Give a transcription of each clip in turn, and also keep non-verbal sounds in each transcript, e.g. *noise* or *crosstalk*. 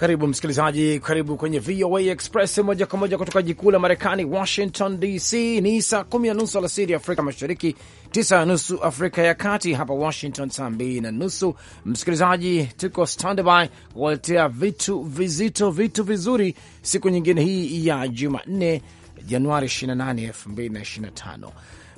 Karibu msikilizaji, karibu kwenye VOA Express moja kwa moja kutoka jikuu la Marekani, Washington DC. Ni saa kumi na nusu alasiri Afrika Mashariki, tisa na nusu Afrika ya Kati, hapa Washington saa mbili na nusu. Msikilizaji, tuko standby kuwaletea vitu vizito, vitu vizuri, siku nyingine hii ya Jumanne, Januari 28, 2025.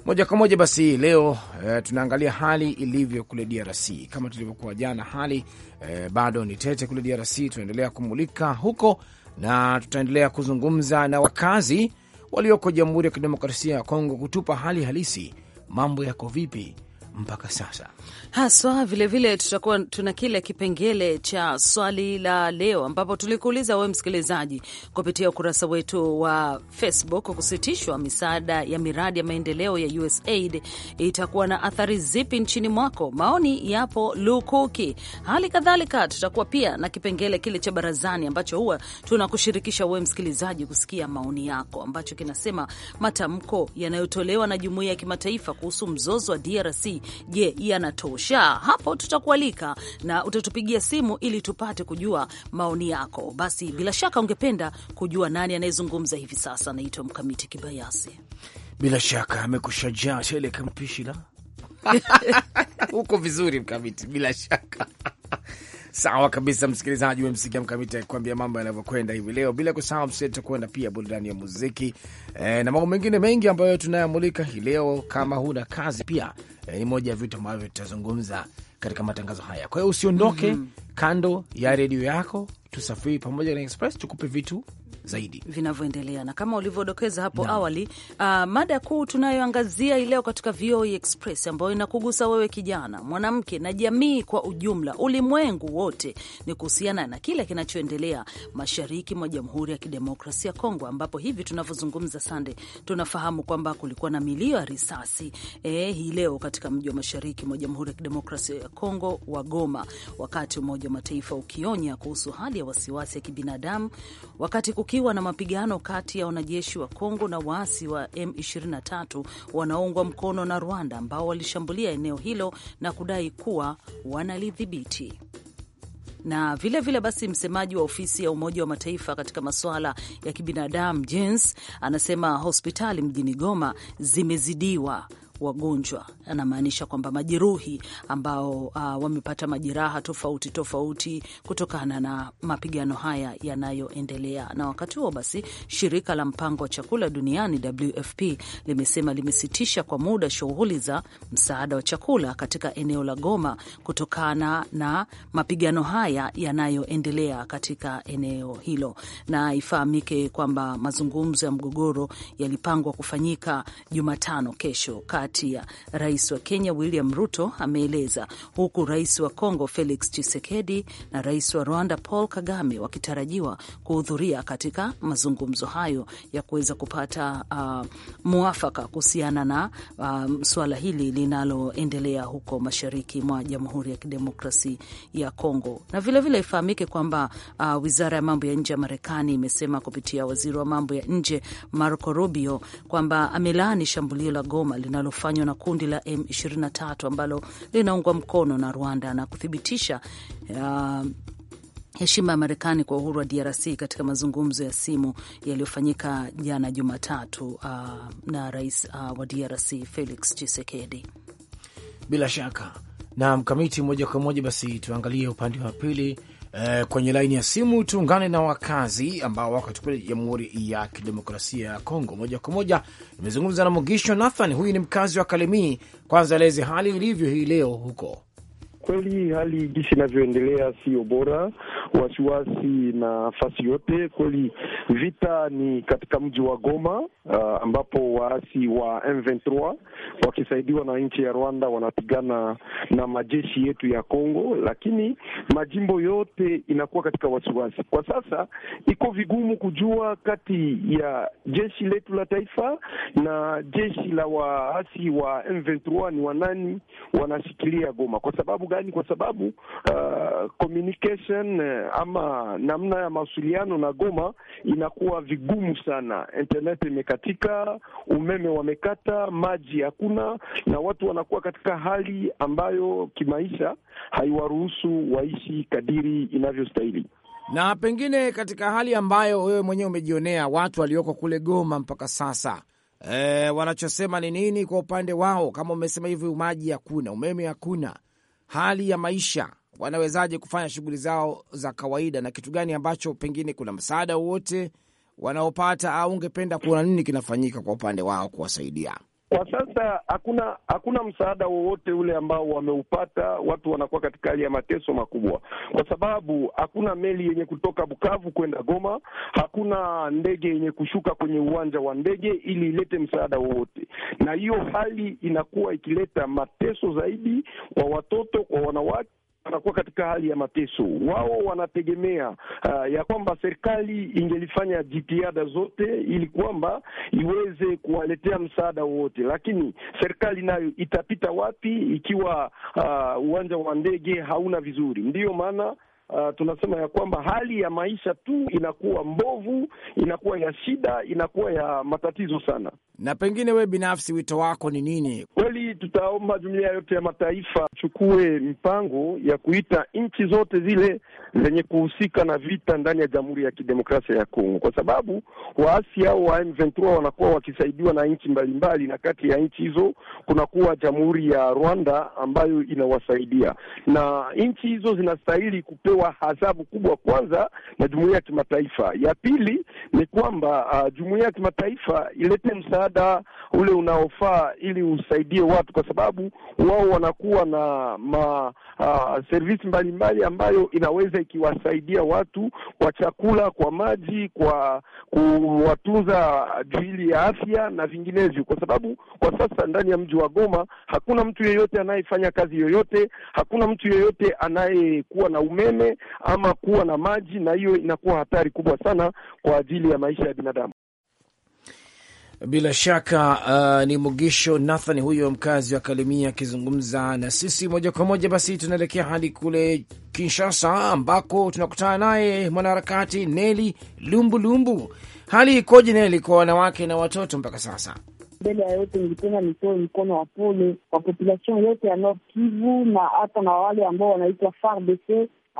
Moja kwa moja basi leo e, tunaangalia hali ilivyo kule DRC. Kama tulivyokuwa jana, hali e, bado ni tete kule DRC. Tunaendelea kumulika huko na tutaendelea kuzungumza na wakazi walioko Jamhuri ya Kidemokrasia ya Kongo kutupa hali halisi, mambo yako vipi mpaka sasa haswa. Vilevile tutakuwa tuna kile kipengele cha swali la leo, ambapo tulikuuliza wewe msikilizaji kupitia ukurasa wetu wa Facebook, kusitishwa misaada ya miradi ya maendeleo ya USAID itakuwa na athari zipi nchini mwako? Maoni yapo lukuki. Hali kadhalika tutakuwa pia na kipengele kile cha barazani ambacho huwa tunakushirikisha wewe msikilizaji kusikia maoni yako, ambacho kinasema matamko yanayotolewa na jumuiya ya kimataifa kuhusu mzozo wa DRC Je, yanatosha? Hapo tutakualika na utatupigia simu ili tupate kujua maoni yako. Basi bila shaka ungependa kujua nani anayezungumza hivi sasa. Anaitwa Mkamiti Kibayasi. Bila shaka amekushajaa tele kama pishi la huko *laughs* vizuri, Mkamiti, bila shaka Sawa kabisa, msikilizaji, umemsikia Mkamiti akikwambia mambo yanavyokwenda hivi leo, bila kusahau msitakwenda pia burudani ya muziki e, na mambo mengine mengi ambayo tunayamulika hii leo. Kama huna kazi pia e, ni moja ya vitu ambavyo tutazungumza katika matangazo haya. Kwa hiyo usiondoke, mm -hmm. kando ya redio yako, tusafiri pamoja na Express tukupe vitu zaidi vinavyoendelea na kama ulivyodokeza hapo no. awali. Uh, mada kuu tunayoangazia hii leo katika VOA e Express ambayo inakugusa wewe kijana, mwanamke na jamii kwa ujumla, ulimwengu wote, ni kuhusiana na kile kinachoendelea mashariki mwa Jamhuri ya Kidemokrasia ya Kongo, ambapo hivi tunavyozungumza Sande, tunafahamu kwamba kulikuwa na milio ya risasi eh, hii leo katika mji wa mashariki mwa Jamhuri ya Kidemokrasia ya Kongo wa Goma, wakati Umoja wa Mataifa ukionya kuhusu hali ya wasiwasi ya kibinadamu wakati kukiwa na mapigano kati ya wanajeshi wa Kongo na waasi wa M23 wanaoungwa mkono na Rwanda ambao walishambulia eneo hilo na kudai kuwa wanalidhibiti na vilevile vile basi, msemaji wa ofisi ya Umoja wa Mataifa katika masuala ya kibinadamu Jens anasema hospitali mjini Goma zimezidiwa wagonjwa, anamaanisha kwamba majeruhi ambao uh, wamepata majeraha tofauti tofauti kutokana na mapigano haya yanayoendelea. Na wakati huo basi, shirika la mpango wa chakula duniani WFP limesema limesitisha kwa muda shughuli za msaada wa chakula katika eneo la Goma kutokana na mapigano haya yanayoendelea katika eneo hilo. Na ifahamike kwamba mazungumzo ya mgogoro yalipangwa kufanyika Jumatano kesho kati hatia, rais wa Kenya William Ruto ameeleza, huku rais wa Kongo Felix Tshisekedi na rais wa Rwanda Paul Kagame wakitarajiwa kuhudhuria katika mazungumzo hayo ya kuweza kupata uh, mwafaka kuhusiana na uh, suala hili linaloendelea huko mashariki mwa Jamhuri ya Kidemokrasi ya Kongo. Na vilevile ifahamike vile kwamba uh, wizara ya mambo ya nje ya Marekani imesema kupitia waziri wa mambo ya nje Marco Rubio kwamba amelaani shambulio la Goma linalo kufanywa na kundi la M23 ambalo linaungwa mkono na Rwanda na kuthibitisha uh, heshima ya Marekani kwa uhuru wa DRC katika mazungumzo ya simu yaliyofanyika jana Jumatatu uh, na rais uh, wa DRC Felix Tshisekedi. Bila shaka na mkamiti moja kwa moja, basi tuangalie upande wa pili Eh, kwenye laini ya simu tuungane na wakazi ambao wako katika Jamhuri ya Kidemokrasia ya Kongo. Moja kwa moja imezungumza na Mugisho Nathan, huyu ni mkazi wa Kalemie. Kwanza aleze hali ilivyo hii leo huko kweli hali jinsi inavyoendelea siyo bora, wasiwasi na nafasi yote. Kweli vita ni katika mji wa Goma, uh, ambapo waasi wa M23 wakisaidiwa na nchi ya Rwanda wanapigana na majeshi yetu ya Kongo, lakini majimbo yote inakuwa katika wasiwasi kwa sasa. Iko vigumu kujua kati ya jeshi letu la taifa na jeshi la waasi wa M23 ni wanani wanashikilia Goma kwa sababu gani? ndani kwa sababu uh, communication uh, ama namna ya mawasiliano na Goma inakuwa vigumu sana. Internet imekatika, umeme wamekata, maji hakuna, na watu wanakuwa katika hali ambayo kimaisha haiwaruhusu waishi kadiri inavyostahili na pengine katika hali ambayo wewe mwenyewe umejionea watu walioko kule Goma mpaka sasa, e, wanachosema ni nini kwa upande wao? Kama umesema hivyo, maji hakuna, umeme hakuna, hali ya maisha, wanawezaje kufanya shughuli zao za kawaida, na kitu gani ambacho pengine kuna msaada wowote wanaopata, au ungependa kuona nini kinafanyika kwa upande wao kuwasaidia? Kwa sasa hakuna hakuna msaada wowote ule ambao wameupata. Watu wanakuwa katika hali ya mateso makubwa, kwa sababu hakuna meli yenye kutoka Bukavu kwenda Goma, hakuna ndege yenye kushuka kwenye uwanja wa ndege ili ilete msaada wowote, na hiyo hali inakuwa ikileta mateso zaidi kwa watoto, kwa wanawake wanakuwa katika hali ya mateso. Wao wanategemea uh, ya kwamba serikali ingelifanya jitihada zote ili kwamba iweze kuwaletea msaada wowote, lakini serikali nayo itapita wapi ikiwa uh, uwanja wa ndege hauna vizuri? Ndiyo maana uh, tunasema ya kwamba hali ya maisha tu inakuwa mbovu, inakuwa ya shida, inakuwa ya matatizo sana. Na pengine wewe binafsi wito wako ni nini? Kweli tutaomba jumuiya yote ya mataifa chukue mpango ya kuita nchi zote zile zenye kuhusika na vita ndani ya Jamhuri ya Kidemokrasia ya Kongo, kwa sababu waasi hao wa M23 wanakuwa wakisaidiwa na nchi mbalimbali, na kati ya nchi hizo kunakuwa Jamhuri ya Rwanda ambayo inawasaidia, na nchi hizo zinastahili kupewa imepewa adhabu kubwa, kwanza na jumuiya ya kimataifa. Ya pili ni kwamba uh, jumuiya ya kimataifa ilete msaada ule unaofaa ili usaidie watu, kwa sababu wao wanakuwa na ma uh, servisi mbalimbali ambayo inaweza ikiwasaidia watu kwa chakula, kwa maji, kwa kuwatunza juhili ya afya na vinginevyo, kwa sababu kwa sasa ndani ya mji wa Goma hakuna mtu yeyote anayefanya kazi yoyote, hakuna mtu yeyote anayekuwa na umeme ama kuwa na maji, na hiyo inakuwa hatari kubwa sana kwa ajili ya maisha ya binadamu. Bila shaka uh, ni Mugisho Nathan huyo mkazi wa kalimia akizungumza na sisi moja kwa moja. Basi tunaelekea hadi kule Kinshasa ambako tunakutana naye mwanaharakati Neli Lumbulumbu Hali ikoje Neli kwa wanawake na watoto mpaka sasa? Mbele ya yote nilipenda nitoe mkono wa pole kwa populasion yote ya Kivu na hata na wale ambao wanaitwa FARDC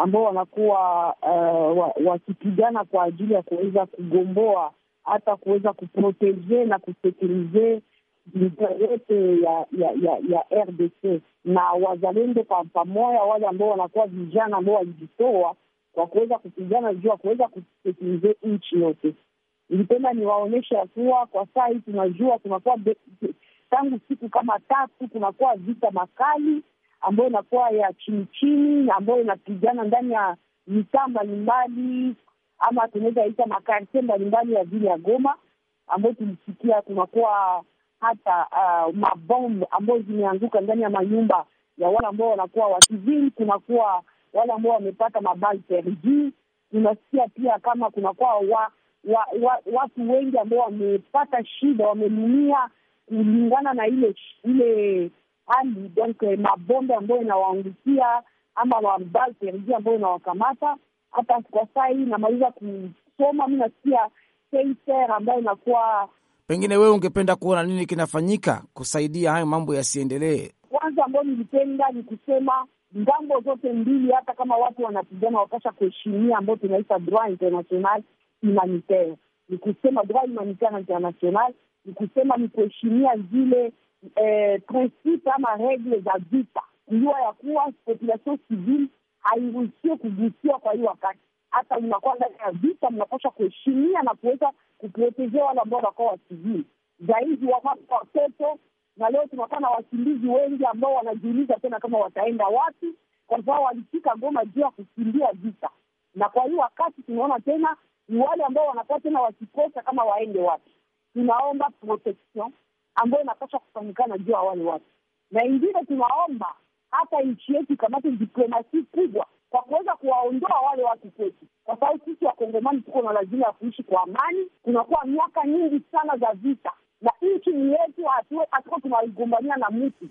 ambao wanakuwa uh, wakipigana kwa ajili ya kuweza kugomboa hata kuweza kuprotege na kusekurize njia yote ya ya, ya ya RDC na wazalendo pamoja, wale ambao wanakuwa vijana ambao walijitoa kwa kuweza kupigana juu ya kuweza kusekurize nchi yote. Nilipenda niwaonyesha ya kuwa kwa saa hii tunajua tunakuwa tangu siku kama tatu kunakuwa vita makali ambayo inakuwa ya chini chini, ambayo inapigana ndani ya mitaa mbalimbali, ama tunaweza ita makarte mbalimbali ya vile ya Goma, ambayo tulisikia kunakuwa hata uh, mabombu ambayo zimeanguka ndani ya manyumba ya wale ambao wanakuwa wasivili, kunakuwa wale ambao wamepata mabal perdu. Tunasikia pia kama kunakuwa wa, wa, wa, watu wengi ambao wamepata shida, wamelumia kulingana na ile ile hali donc euh, mabombe ambayo inawaangukia ama mabazi ya mji ambayo inawakamata. Hata kwa saa hii namaliza kusoma, mi nasikia keiser ambayo inakuwa. Pengine wewe ungependa kuona nini kinafanyika kusaidia hayo mambo yasiendelee? Kwanza ambayo nilipenda ni kusema ngambo zote mbili, hata kama watu wanapigana, wakasha kuheshimia ambayo tunaita droit international humanitaire. Ni kusema droit humanitaire international ni kusema ni kuheshimia zile eh, prinsipe ama regle za vita, kujua ya kuwa population civil hairuhusiwe kugusiwa. Kwa hii wakati hata unakuwa ndani ya vita, mnapasha kuheshimia na kuweza kuprotejea wale ambao wanakuwa wasivili zaidi, wamama, watoto. Na leo tunakuwa na wakimbizi wengi ambao wanajiuliza tena kama wataenda wapi, kwa sababu walifika Goma juu ya kukimbia vita, na kwa hiyo wakati tunaona tena ni wale ambao wanakuwa tena wakikosa kama waende wapi. Tunaomba protection ambayo inapaswa kufanyikana juu ya wale watu, na ingine tunaomba hata nchi yetu ikamate diplomasi kubwa kwa kuweza kuwaondoa wale watu kwetu, kwa sababu sisi Wakongomani tuko na lazima ya kuishi kwa amani. Kunakuwa miaka nyingi sana za vita na nchi ni yetu, hatuko tunaigombania na mtu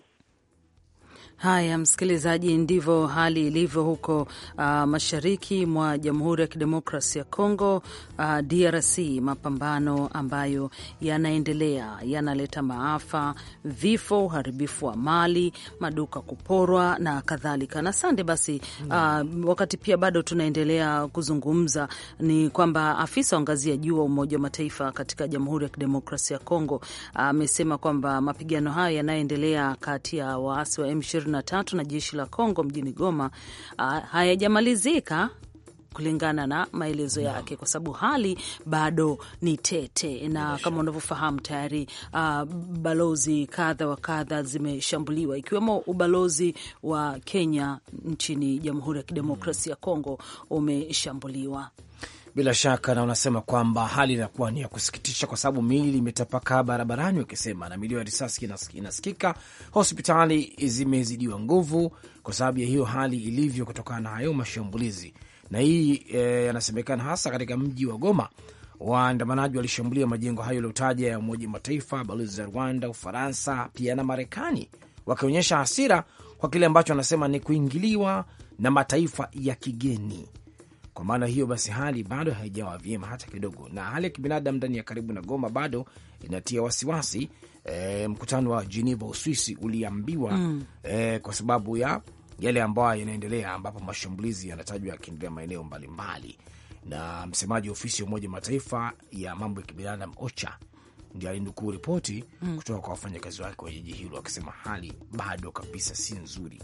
Haya, msikilizaji, ndivyo hali ilivyo huko uh, mashariki mwa Jamhuri ya Kidemokrasi ya Kongo uh, DRC. Mapambano ambayo yanaendelea yanaleta maafa, vifo, uharibifu wa mali, maduka kuporwa na kadhalika. Na sande basi, uh, wakati pia bado tunaendelea kuzungumza, ni kwamba afisa wa ngazi ya juu wa Umoja wa Mataifa katika Jamhuri ya Kidemokrasi ya Kongo uh, amesema uh, kwamba mapigano hayo yanayoendelea kati ya waasi wa m 23 na jeshi la Kongo mjini Goma ah, hayajamalizika kulingana na maelezo yake, kwa sababu hali bado ni tete, na kama unavyofahamu tayari uh, balozi kadha wa kadha zimeshambuliwa ikiwemo ubalozi wa Kenya nchini Jamhuri ya Kidemokrasia ya Kongo umeshambuliwa. Bila shaka na unasema kwamba hali inakuwa ni ya kusikitisha, kwa sababu miili imetapakaa barabarani, wakisema na milio ya risasi inasikika. Hospitali zimezidiwa nguvu kwa sababu ya hiyo hali ilivyo, kutokana na hayo mashambulizi. Na hii e, yanasemekana e, hasa katika mji wa Goma, waandamanaji walishambulia majengo hayo yaliyotaja ya Umoja Mataifa, balozi za Rwanda, Ufaransa pia na Marekani, wakionyesha hasira kwa kile ambacho wanasema ni kuingiliwa na mataifa ya kigeni. Kwa maana hiyo basi, hali bado haijawa vyema hata kidogo, na hali ya kibinadamu ndani ya karibu na Goma bado inatia wasiwasi. E, mkutano wa Geneva, Uswisi uliambiwa mm. E, kwa sababu ya yale ambayo yanaendelea, ambapo mashambulizi yanatajwa yakiendelea maeneo mbalimbali, na msemaji wa ofisi ya Umoja Mataifa ya mambo ya kibinadamu OCHA ndio alinukuu ripoti mm. kutoka kwa wafanyakazi wake wa jiji hilo, akisema hali bado kabisa si nzuri,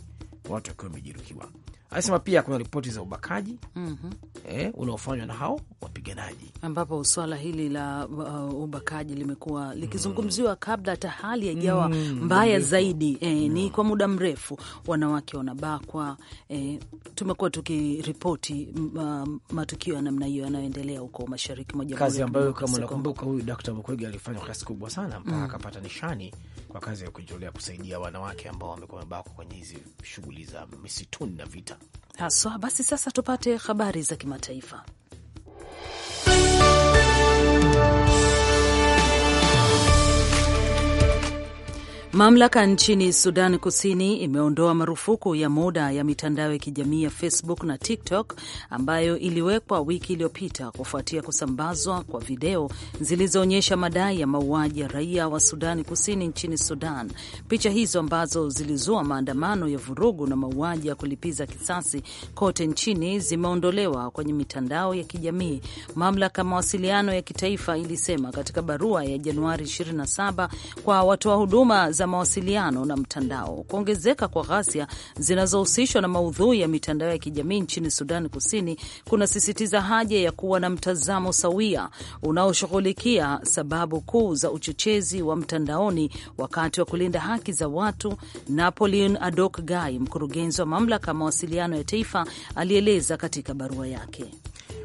watu wakiwa wamejeruhiwa Anasema pia kuna ripoti za ubakaji mm -hmm. eh, unaofanywa na hao wapiganaji, ambapo swala hili la uh, ubakaji limekuwa mm. likizungumziwa mm. kabla hata hali haijawa mm. mbaya mrefu zaidi eh, mm. ni kwa muda mrefu wanawake wanabakwa eh, tumekuwa tukiripoti mm, uh, matukio ya namna hiyo yanayoendelea huko mashariki mwa jamhuri, kazi ambayo kama unakumbuka huyu Dkt. Mukwege alifanya kiasi kubwa sana mpaka mm. akapata nishani kwa kazi ya kujitolea kusaidia wanawake ambao wamekuwa wamebakwa kwenye hizi shughuli za misituni na vita haswa. Basi sasa tupate habari za kimataifa. Mamlaka nchini Sudan Kusini imeondoa marufuku ya muda ya mitandao ya kijamii ya Facebook na TikTok ambayo iliwekwa wiki iliyopita kufuatia kusambazwa kwa video zilizoonyesha madai ya mauaji ya raia wa Sudani Kusini nchini Sudan. Picha hizo ambazo zilizua maandamano ya vurugu na mauaji ya kulipiza kisasi kote nchini zimeondolewa kwenye mitandao ya kijamii, mamlaka mawasiliano ya kitaifa ilisema katika barua ya Januari 27 kwa watoa huduma za za mawasiliano na mtandao. Kuongezeka kwa ghasia zinazohusishwa na maudhui ya mitandao ya kijamii nchini Sudan Kusini kunasisitiza haja ya kuwa na mtazamo sawia unaoshughulikia sababu kuu za uchochezi wa mtandaoni wakati wa kulinda haki za watu. Napoleon Adok Gai, mkurugenzi wa mamlaka ya mawasiliano ya taifa, alieleza katika barua yake.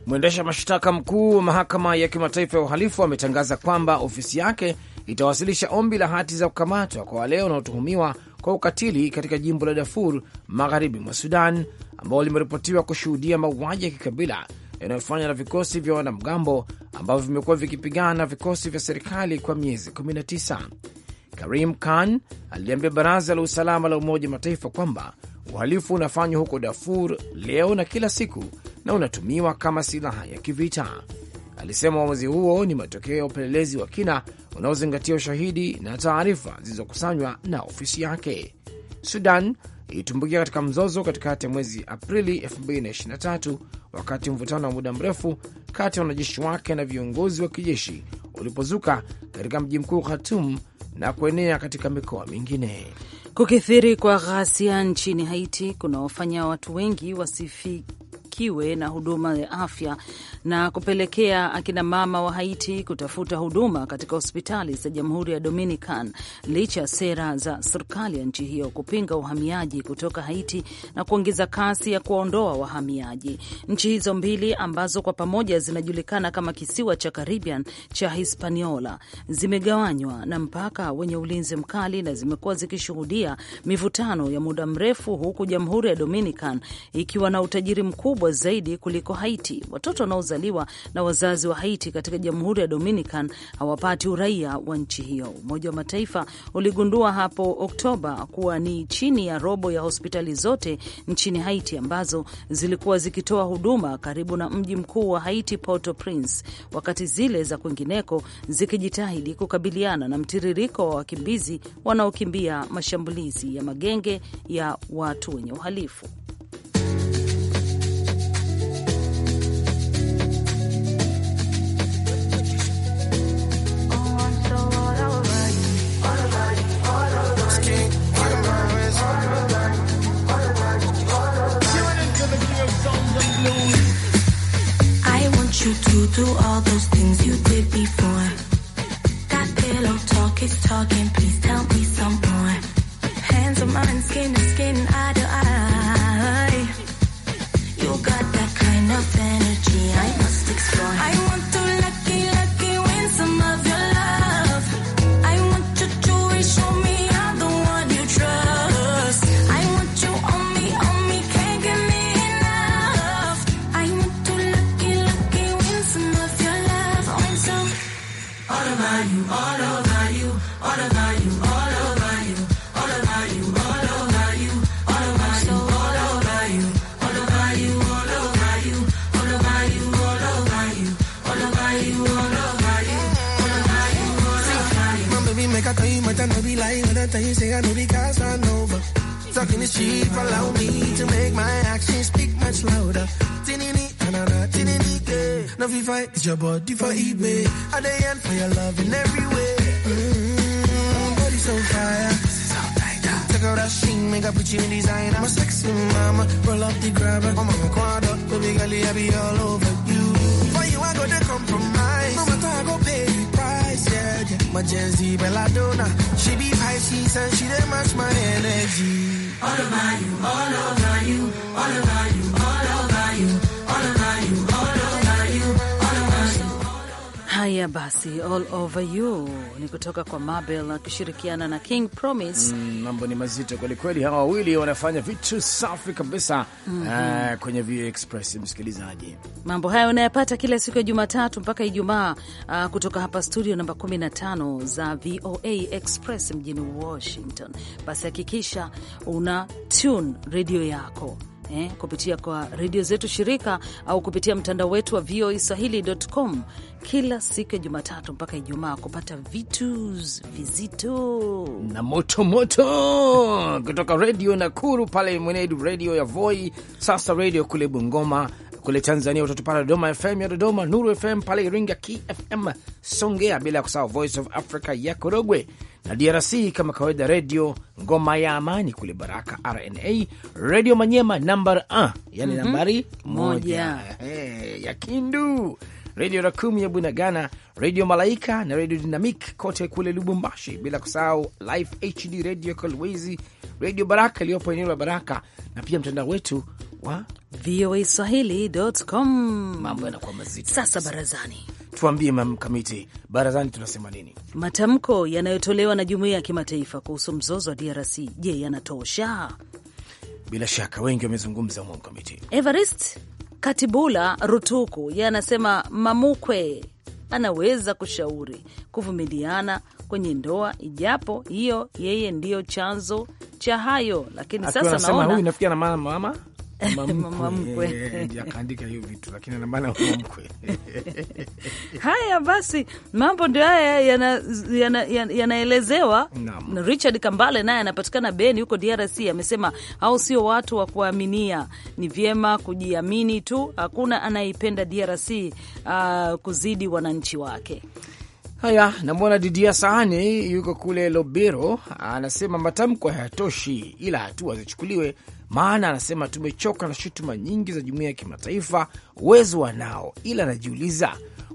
Mwendesha mashtaka mkuu wa mahakama ya kimataifa ya uhalifu ametangaza kwamba ofisi yake itawasilisha ombi la hati za kukamatwa kwa wale wanaotuhumiwa kwa ukatili katika jimbo la Darfur magharibi mwa Sudan, ambao limeripotiwa kushuhudia mauaji ya kikabila yanayofanywa na vikosi vya wanamgambo ambavyo vimekuwa vikipigana na vikosi vya serikali kwa miezi 19. Karim Khan aliliambia baraza la usalama la Umoja wa Mataifa kwamba uhalifu unafanywa huko Darfur leo na kila siku na unatumiwa kama silaha ya kivita alisema uamuzi huo ni matokeo ya upelelezi wa kina unaozingatia ushahidi na taarifa zilizokusanywa na ofisi yake. Sudan ilitumbukia katika mzozo katikati ya mwezi Aprili 2023 wakati mvutano wa muda mrefu kati ya wanajeshi wake na viongozi wa kijeshi ulipozuka katika mji mkuu Khartoum na kuenea katika mikoa mingine. Kukithiri kwa ghasia nchini Haiti kunaofanya watu wengi wasifi kiwe na huduma ya afya na kupelekea akina mama wa Haiti kutafuta huduma katika hospitali za Jamhuri ya Dominican licha ya sera za serikali ya nchi hiyo kupinga uhamiaji kutoka Haiti na kuongeza kasi ya kuwaondoa wahamiaji. Nchi hizo mbili ambazo kwa pamoja zinajulikana kama kisiwa cha Caribbean cha Hispaniola zimegawanywa na mpaka wenye ulinzi mkali na zimekuwa zikishuhudia mivutano ya muda mrefu, huku Jamhuri ya Dominican ikiwa na utajiri mkubwa kubwa zaidi kuliko Haiti. Watoto wanaozaliwa na wazazi wa Haiti katika Jamhuri ya Dominican hawapati uraia wa nchi hiyo. Umoja wa Mataifa uligundua hapo Oktoba kuwa ni chini ya robo ya hospitali zote nchini Haiti ambazo zilikuwa zikitoa huduma karibu na mji mkuu wa Haiti, Port-au-Prince, wakati zile za kwingineko zikijitahidi kukabiliana na mtiririko wa wakimbizi wanaokimbia mashambulizi ya magenge ya watu wenye uhalifu. do all those things you did before. That pillow talk is talking, please tell me some more. Hands on mine, skin to skin, eye to eye. You got that kind of energy I must explore. I driver. I'm on quad up, baby girl, I be all over you. For you, I go to compromise. No matter I go pay the price, yeah, yeah. My Gen Z Belladonna, she be Pisces and she dey match my energy. All over you, all over you, all over you, all over. Haya basi, all over you ni kutoka kwa Mabel akishirikiana na King Promise. Mm, mambo ni mazito kwelikweli, hawa wawili wanafanya vitu safi kabisa mm -hmm. Uh, kwenye VOA Express msikilizaji, mambo haya unayapata kila siku ya Jumatatu mpaka Ijumaa uh, kutoka hapa studio namba 15 za VOA Express mjini Washington. Basi hakikisha una tune redio yako eh, kupitia kwa redio zetu shirika au kupitia mtandao wetu wa VOA Swahili.com kila siku ya Jumatatu mpaka Ijumaa kupata vitu vizito na motomoto moto, kutoka redio Nakuru pale Mwenedu, redio ya Voi, sasa redio kule Bungoma kule Tanzania utatupata Dodoma FM ya Dodoma, Nuru FM pale Iringa, KFM Songea, bila ya kusahau Voice of Africa ya Korogwe na DRC kama kawaida, Redio Ngoma ya Amani kule Baraka, RNA Redio Manyema nambar, yani mhm. nambari moja ya Kindu redio Rakum ya Bunagana, redio Malaika na redio Dinamik kote kule Lubumbashi, bila kusahau Life HD redio Kolwezi, redio Baraka iliyopo eneo la Baraka na pia mtandao wetu wa VOA Swahili.com. Mambo yanakuwa mazito sasa. Barazani, tuambie mam kamiti, barazani tunasema nini? Matamko yanayotolewa na jumuiya ya kimataifa kuhusu mzozo wa DRC, je, yanatosha? Bila shaka wengi wamezungumza. Mamkamiti Evarist Katibula Rutuku yeye anasema mamukwe anaweza kushauri kuvumiliana kwenye ndoa, ijapo hiyo yeye ndiyo chanzo cha hayo, lakini sasa naona huyu nafikia na mama mama mkwe *laughs* eh, akaandika hiyo vitu, lakini ana maana mama mkwe. *laughs* Haya basi, mambo ndio haya yanaelezewa yana, yana na Richard Kambale naye anapatikana Beni huko DRC, amesema au sio watu wa kuaminia, ni vyema kujiamini tu, hakuna anayeipenda DRC uh, ah, kuzidi wananchi wake. Haya, namwona Didia Sahani yuko kule Lobero, anasema matamko hayatoshi, ila hatua zichukuliwe maana anasema tumechoka na shutuma nyingi za jumuiya ya kimataifa, uwezo wanao, ila anajiuliza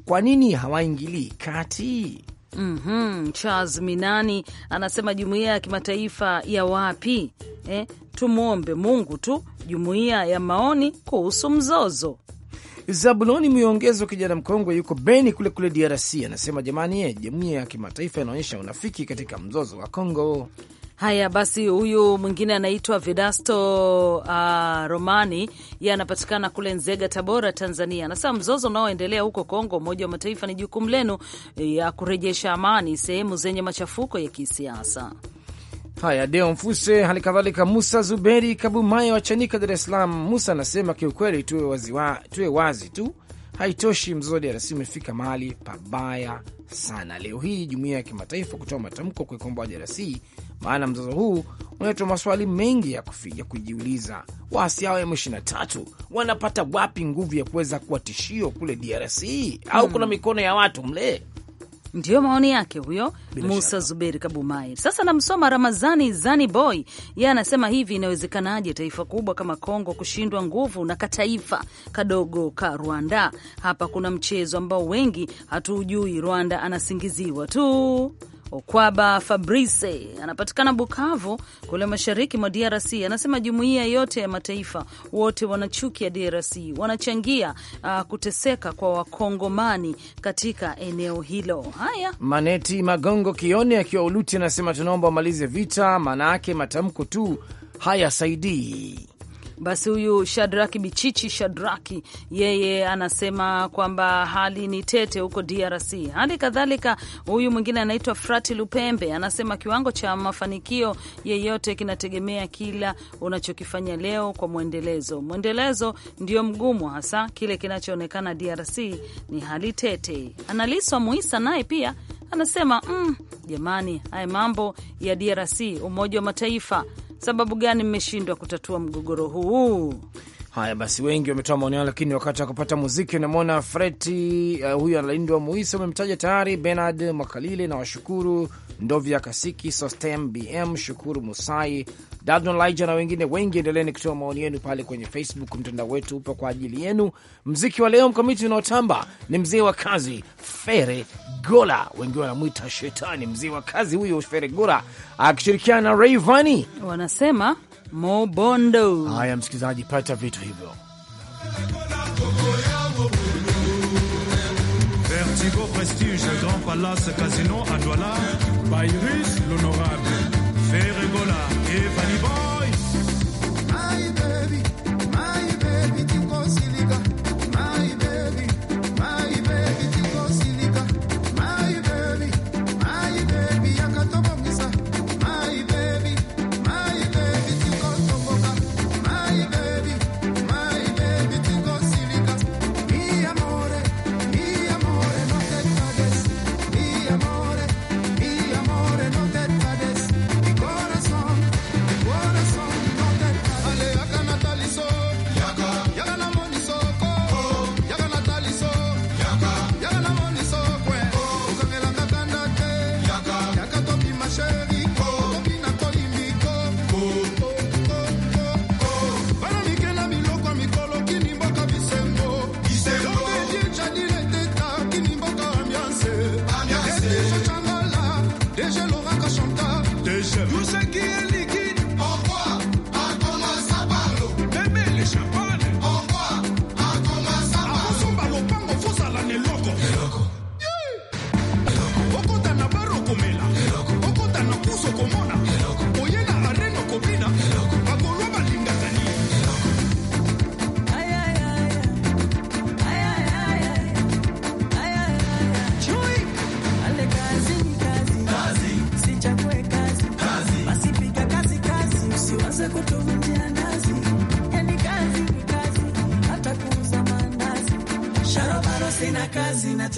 kwa nini hawaingilii kati. Mm -hmm. Charles Minani anasema jumuiya ya kimataifa ya wapi eh? Tumwombe Mungu tu jumuiya ya maoni kuhusu mzozo. Zabuloni Miongezo wa kijana mkongwe yuko Beni kule kule DRC anasema jamani, ye eh, jumuiya ya kimataifa inaonyesha unafiki katika mzozo wa Kongo. Haya basi, huyu mwingine anaitwa Vedasto uh, Romani, ye anapatikana kule Nzega, Tabora, Tanzania. Anasema mzozo unaoendelea huko Kongo, Umoja wa Mataifa ni jukumu lenu eh, ya kurejesha amani sehemu zenye machafuko ya kisiasa. Haya, Deo Mfuse hali kadhalika Musa Zuberi Kabumaye wachanika dares Dar es Salaam. Musa anasema kiukweli, tuwe wazi, wa, tuwe wazi tu haitoshi. Mzozo DRC umefika mahali pabaya sana. Leo hii jumuiya ya kimataifa kutoa matamko kuikomboa DRC maana mzozo huu unaleta maswali mengi ya, ya kujiuliza. Waasi hao M23 wanapata wapi nguvu ya kuweza kuwa tishio kule DRC au hmm, kuna mikono ya watu mle? Ndiyo maoni yake huyo Bila Musa shaka. Zuberi Kabumai. Sasa namsoma Ramazani Zani Boy, yeye anasema hivi, inawezekanaje taifa kubwa kama Kongo kushindwa nguvu na kataifa kadogo ka Rwanda? Hapa kuna mchezo ambao wengi hatuujui. Rwanda anasingiziwa tu Okwaba Fabrice anapatikana Bukavu kule mashariki mwa DRC. Anasema jumuiya yote ya mataifa wote ya DRC, wanachangia uh, kuteseka kwa wakongomani katika eneo hilo. Haya, Maneti Magongo Kione akiwa Uluti anasema tunaomba wamalize vita, maana yake matamko tu hayasaidii. Basi huyu Shadraki Bichichi Shadraki yeye anasema kwamba hali ni tete huko DRC. Hali kadhalika huyu mwingine anaitwa Frati Lupembe anasema kiwango cha mafanikio yeyote kinategemea kila unachokifanya leo kwa mwendelezo. Mwendelezo ndio mgumu, hasa kile kinachoonekana DRC ni hali tete. Analiswa Muisa naye pia anasema mm, jamani, haya mambo ya DRC, Umoja wa Mataifa sababu gani mmeshindwa kutatua mgogoro huu? Haya basi, wengi wametoa maoni yao, lakini wakati wa kupata muziki unamwona Freti uh, huyu analindwa Muisa umemtaja tayari, Benard Mwakalile na washukuru Ndovya Kasiki, Sostem BM, Shukuru Musai, Dadon na wengine wengi. endeleni kutoa maoni yenu pale kwenye Facebook, mtandao wetu upo kwa ajili yenu. Mziki wa leo mkamiti unaotamba ni mzee wa kazi Fere Gola, wengi wanamwita shetani. Mzee wa kazi huyo Fere Gola akishirikiana na Rayvanny wanasema Mobondo. Haya msikilizaji, pata vitu hivyo Prestige, Grand Palace, Casino à Douala, Bayrus, l'honorable, Ferregola et Valiban.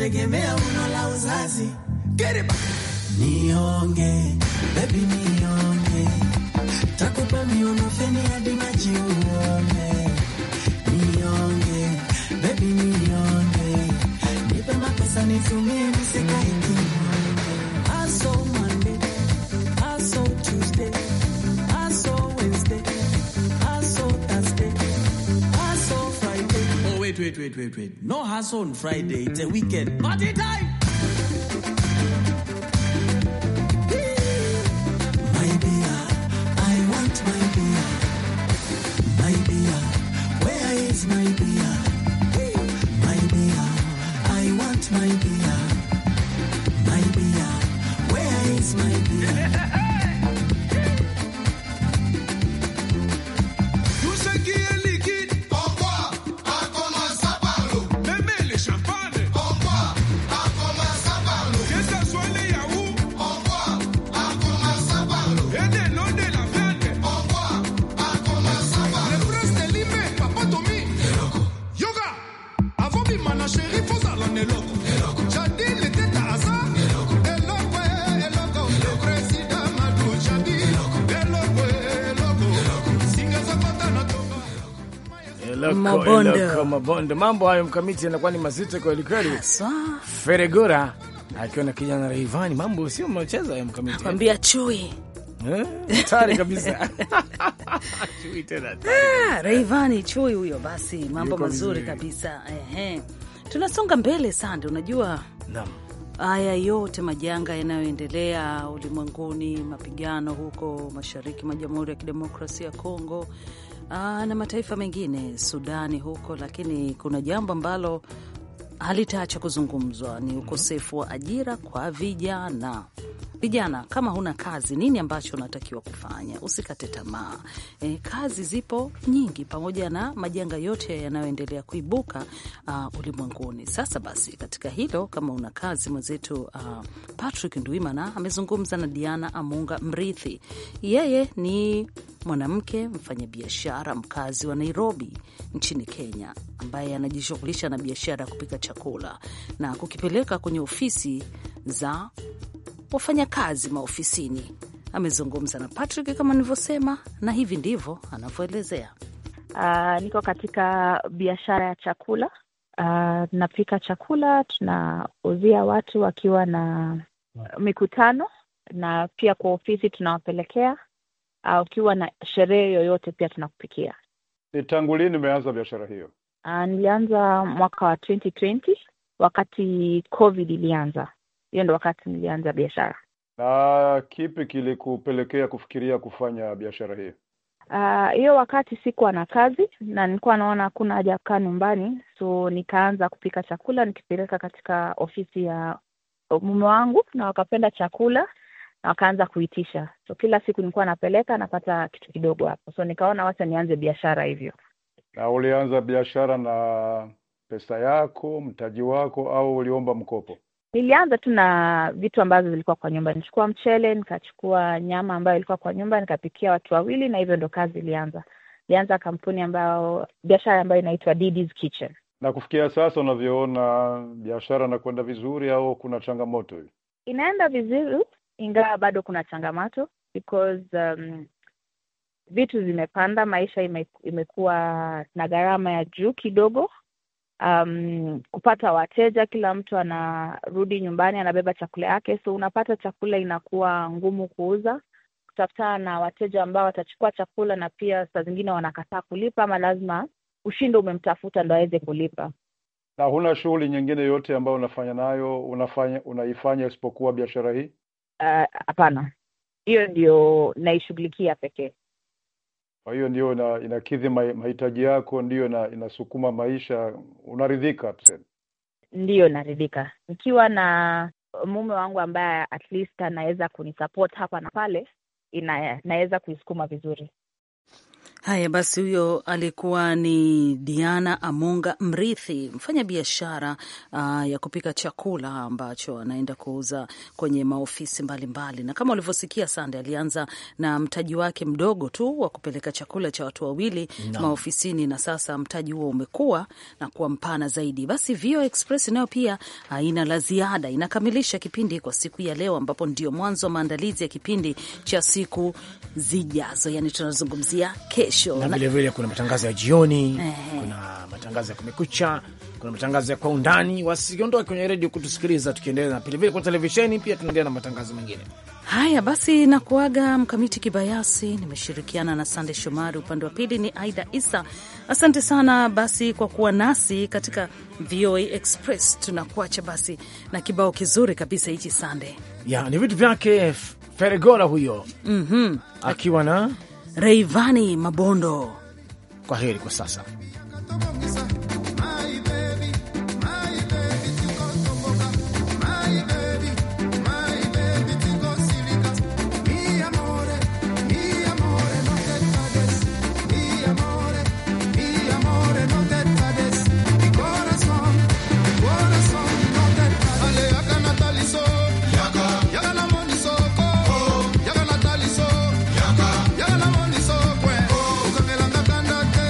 kutegemea uno la uzazi. Get Nionge, baby, ni no hustle on Friday. It's a weekend. Party time! mabondo. bondo, mabondo. Mambo hayo mkamiti yanakuwa ni mazito kweli kweli. Feregora akiwa na kijana Raivani, mambo sio mchezo hayo mkamiti, kwambia chui eh, hatari kabisa *laughs* chui tena ah, Raivani chui huyo, basi mambo mazuri kabisa. Ehe, tunasonga mbele sana unajua naam haya yote majanga yanayoendelea ulimwenguni, mapigano huko mashariki mwa Jamhuri ya Kidemokrasia ya Kongo, aa, ah, na mataifa mengine Sudani huko, lakini kuna jambo ambalo halitaacha kuzungumzwa ni mhm. ukosefu wa ajira kwa vijana. Vijana, kama huna kazi, nini ambacho unatakiwa kufanya? Usikate tamaa. E, kazi zipo nyingi, pamoja na majanga yote yanayoendelea kuibuka uh, ulimwenguni. Sasa basi, katika hilo, kama una kazi, mwenzetu uh, Patrick Ndwimana amezungumza na Diana Amunga Mrithi. Yeye ni mwanamke mfanyabiashara mkazi wa Nairobi nchini Kenya, ambaye anajishughulisha na biashara ya kupika chakula na kukipeleka kwenye ofisi za wafanyakazi maofisini. Amezungumza na Patrick kama nilivyosema, na hivi ndivyo anavyoelezea. Uh, niko katika biashara ya chakula uh, ah, napika chakula, tunauzia watu wakiwa na mikutano, na pia kwa ofisi tunawapelekea Ah, ukiwa na sherehe yoyote pia tunakupikia. Ni eh, tangu lini nimeanza biashara hiyo? Uh, nilianza mwaka wa 2020 wakati COVID ilianza. Hiyo ndo wakati nilianza biashara. Na kipi kilikupelekea kufikiria kufanya biashara hii? Hiyo uh, wakati sikuwa na kazi na nilikuwa naona hakuna haja kaa kukaa nyumbani, so nikaanza kupika chakula nikipeleka katika ofisi ya mume wangu, na wakapenda chakula akaanza kuitisha. So kila siku nilikuwa napeleka napata kitu kidogo hapo, so nikaona wacha nianze biashara hivyo. Na ulianza biashara na pesa yako, mtaji wako, au uliomba mkopo? Nilianza tu na vitu ambavyo vilikuwa kwa nyumba. Nilichukua mchele, nikachukua nyama ambayo ilikuwa kwa nyumba, nikapikia watu wawili, na hivyo ndo kazi ilianza. Ilianza kampuni ambayo, biashara ambayo inaitwa Didi's Kitchen. Na kufikia sasa, unavyoona biashara nakwenda vizuri au kuna changamoto? Hiyo inaenda vizuri, ingawa bado kuna changamoto because um, vitu zimepanda, maisha ime, imekuwa na gharama ya juu kidogo. Um, kupata wateja, kila mtu anarudi nyumbani anabeba chakula yake, so unapata chakula inakuwa ngumu kuuza, kutafutana na wateja ambao watachukua chakula, na pia saa zingine wanakataa kulipa, ama lazima ushindo umemtafuta ndo aweze kulipa. Na huna shughuli nyingine yote ambayo unafanya nayo unafanya unaifanya isipokuwa biashara hii? Eh, hapana, hiyo ndio naishughulikia pekee. Kwa hiyo ndio ina, inakidhi mahitaji yako, ndio ina, inasukuma maisha, unaridhika tuseme. Ndiyo naridhika nikiwa na mume wangu ambaye at least anaweza kunisupport hapa na pale, inaweza kuisukuma vizuri. Haya basi, huyo alikuwa ni Diana Amonga Mrithi, mfanya biashara uh, ah, ya kupika chakula ambacho anaenda kuuza kwenye maofisi mbalimbali mbali. Na kama ulivyosikia Sande, alianza na mtaji wake mdogo tu wa kupeleka chakula cha watu wawili no. maofisini, na sasa mtaji huo umekuwa na kuwa mpana zaidi. Basi VOA Express nayo pia haina ah, la ziada, inakamilisha kipindi kwa siku ya leo, ambapo ndio mwanzo wa maandalizi ya kipindi cha siku zijazo, yani tunazungumzia kesho kesho. Na vilevile vile kuna matangazo ya jioni eh, kuna matangazo ya kumekucha, kuna matangazo ya kwa undani. Wasiondoke kwenye redio kutusikiliza, tukiendelea na vilevile kwa televisheni pia tunaendelea na matangazo mengine haya. Basi na kuaga Mkamiti Kibayasi, nimeshirikiana na Sande Shomari, upande wa pili ni Aida Isa. Asante sana basi kwa kuwa nasi katika VOA Express. Tunakuacha basi na kibao kizuri kabisa hichi Sande, ya ni vitu vyake Feregola huyo, mm -hmm. akiwa na Reivani Mabondo. Kwa heri kwa sasa.